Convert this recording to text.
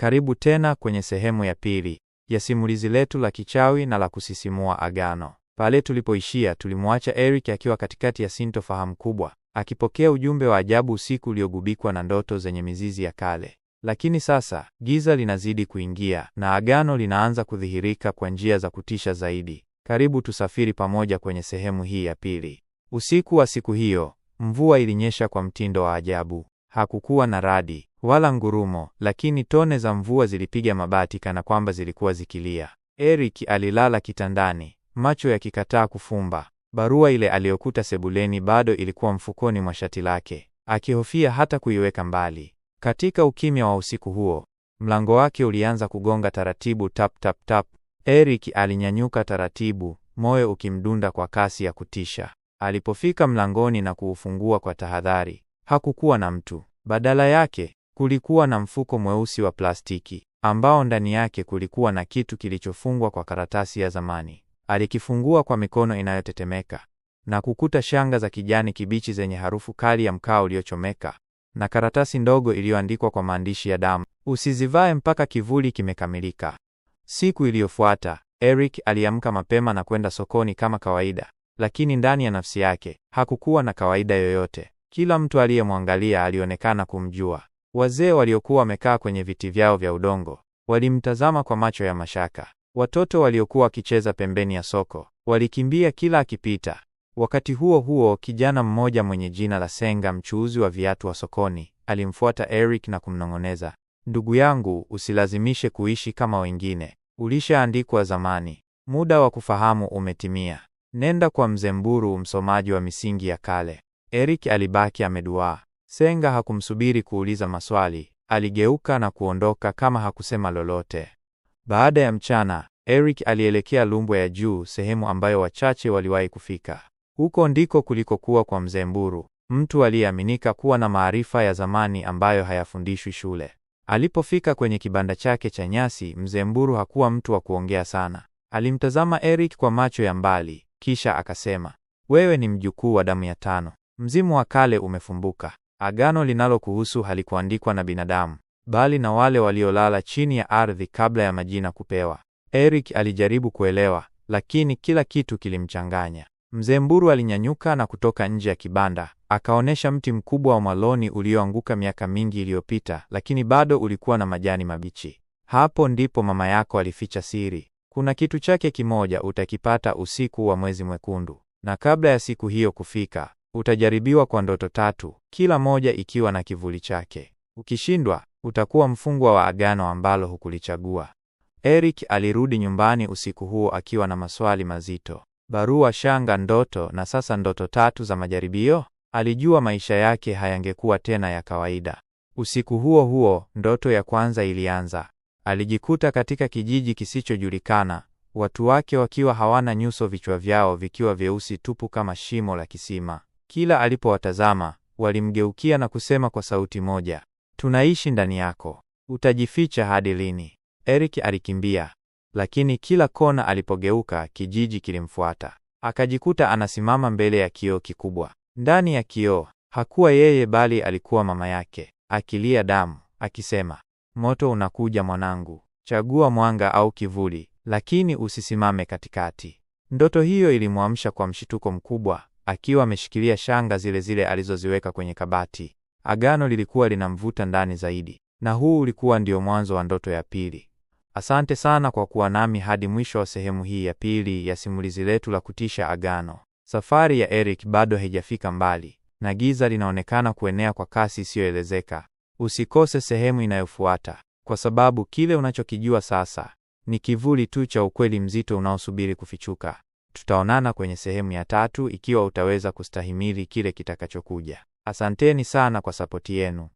Karibu tena kwenye sehemu ya pili ya simulizi letu la kichawi na la kusisimua Agano. Pale tulipoishia, tulimwacha Eric akiwa katikati ya sintofahamu kubwa, akipokea ujumbe wa ajabu usiku uliogubikwa na ndoto zenye mizizi ya kale. Lakini sasa giza linazidi kuingia na agano linaanza kudhihirika kwa njia za kutisha zaidi. Karibu tusafiri pamoja kwenye sehemu hii ya pili. Usiku wa siku hiyo, mvua ilinyesha kwa mtindo wa ajabu. Hakukuwa na radi wala ngurumo, lakini tone za mvua zilipiga mabati kana kwamba zilikuwa zikilia. Eric alilala kitandani, macho yakikataa kufumba. Barua ile aliyokuta sebuleni bado ilikuwa mfukoni mwa shati lake, akihofia hata kuiweka mbali. Katika ukimya wa usiku huo, mlango wake ulianza kugonga taratibu, tap tap tap. Eric alinyanyuka taratibu, moyo ukimdunda kwa kasi ya kutisha. Alipofika mlangoni na kuufungua kwa tahadhari, hakukuwa na mtu. Badala yake Kulikuwa na mfuko mweusi wa plastiki ambao ndani yake kulikuwa na kitu kilichofungwa kwa karatasi ya zamani. Alikifungua kwa mikono inayotetemeka na kukuta shanga za kijani kibichi zenye harufu kali ya mkaa uliochomeka na karatasi ndogo iliyoandikwa kwa maandishi ya damu, usizivae mpaka kivuli kimekamilika. Siku iliyofuata Eric aliamka mapema na kwenda sokoni kama kawaida, lakini ndani ya nafsi yake hakukuwa na kawaida yoyote. Kila mtu aliyemwangalia alionekana kumjua, Wazee waliokuwa wamekaa kwenye viti vyao vya udongo walimtazama kwa macho ya mashaka. Watoto waliokuwa wakicheza pembeni ya soko walikimbia kila akipita. Wakati huo huo, kijana mmoja mwenye jina la Senga, mchuuzi wa viatu wa sokoni, alimfuata Eric na kumnong'oneza, ndugu yangu, usilazimishe kuishi kama wengine, ulishaandikwa zamani, muda wa kufahamu umetimia. Nenda kwa mzemburu msomaji wa misingi ya kale. Eric alibaki ameduaa. Senga hakumsubiri kuuliza maswali, aligeuka na kuondoka kama hakusema lolote. Baada ya mchana, Eric alielekea Lumbwe ya Juu, sehemu ambayo wachache waliwahi kufika. Huko ndiko kulikokuwa kwa Mzee Mburu, mtu aliyeaminika kuwa na maarifa ya zamani ambayo hayafundishwi shule. Alipofika kwenye kibanda chake cha nyasi, Mzee Mburu hakuwa mtu wa kuongea sana. Alimtazama Eric kwa macho ya mbali, kisha akasema, wewe ni mjukuu wa damu ya tano, mzimu wa kale umefumbuka. Agano linalokuhusu halikuandikwa na binadamu, bali na wale waliolala chini ya ardhi kabla ya majina kupewa. Eric alijaribu kuelewa, lakini kila kitu kilimchanganya. Mzee Mburu alinyanyuka na kutoka nje ya kibanda, akaonyesha mti mkubwa wa mwaloni ulioanguka miaka mingi iliyopita, lakini bado ulikuwa na majani mabichi. Hapo ndipo mama yako alificha siri. Kuna kitu chake kimoja utakipata usiku wa mwezi mwekundu, na kabla ya siku hiyo kufika, utajaribiwa kwa ndoto tatu, kila moja ikiwa na kivuli chake. Ukishindwa utakuwa mfungwa wa agano ambalo hukulichagua. Eric alirudi nyumbani usiku huo akiwa na maswali mazito: barua, shanga, ndoto na sasa ndoto tatu za majaribio. Alijua maisha yake hayangekuwa tena ya kawaida. Usiku huo huo, ndoto ya kwanza ilianza. Alijikuta katika kijiji kisichojulikana, watu wake wakiwa hawana nyuso, vichwa vyao vikiwa vyeusi tupu kama shimo la kisima. Kila alipowatazama walimgeukia na kusema kwa sauti moja, tunaishi ndani yako, utajificha hadi lini? Eric alikimbia, lakini kila kona alipogeuka kijiji kilimfuata. Akajikuta anasimama mbele ya kioo kikubwa. Ndani ya kioo hakuwa yeye, bali alikuwa mama yake akilia damu, akisema, moto unakuja mwanangu, chagua mwanga au kivuli, lakini usisimame katikati. Ndoto hiyo ilimwamsha kwa mshituko mkubwa akiwa ameshikilia shanga zile zile alizoziweka kwenye kabati. Agano lilikuwa linamvuta ndani zaidi, na huu ulikuwa ndio mwanzo wa ndoto ya pili. Asante sana kwa kuwa nami hadi mwisho wa sehemu hii ya pili ya simulizi letu la kutisha Agano. Safari ya Eric bado haijafika mbali na giza linaonekana kuenea kwa kasi isiyoelezeka. Usikose sehemu inayofuata, kwa sababu kile unachokijua sasa ni kivuli tu cha ukweli mzito unaosubiri kufichuka. Tutaonana kwenye sehemu ya tatu ikiwa utaweza kustahimili kile kitakachokuja. Asanteni sana kwa sapoti yenu.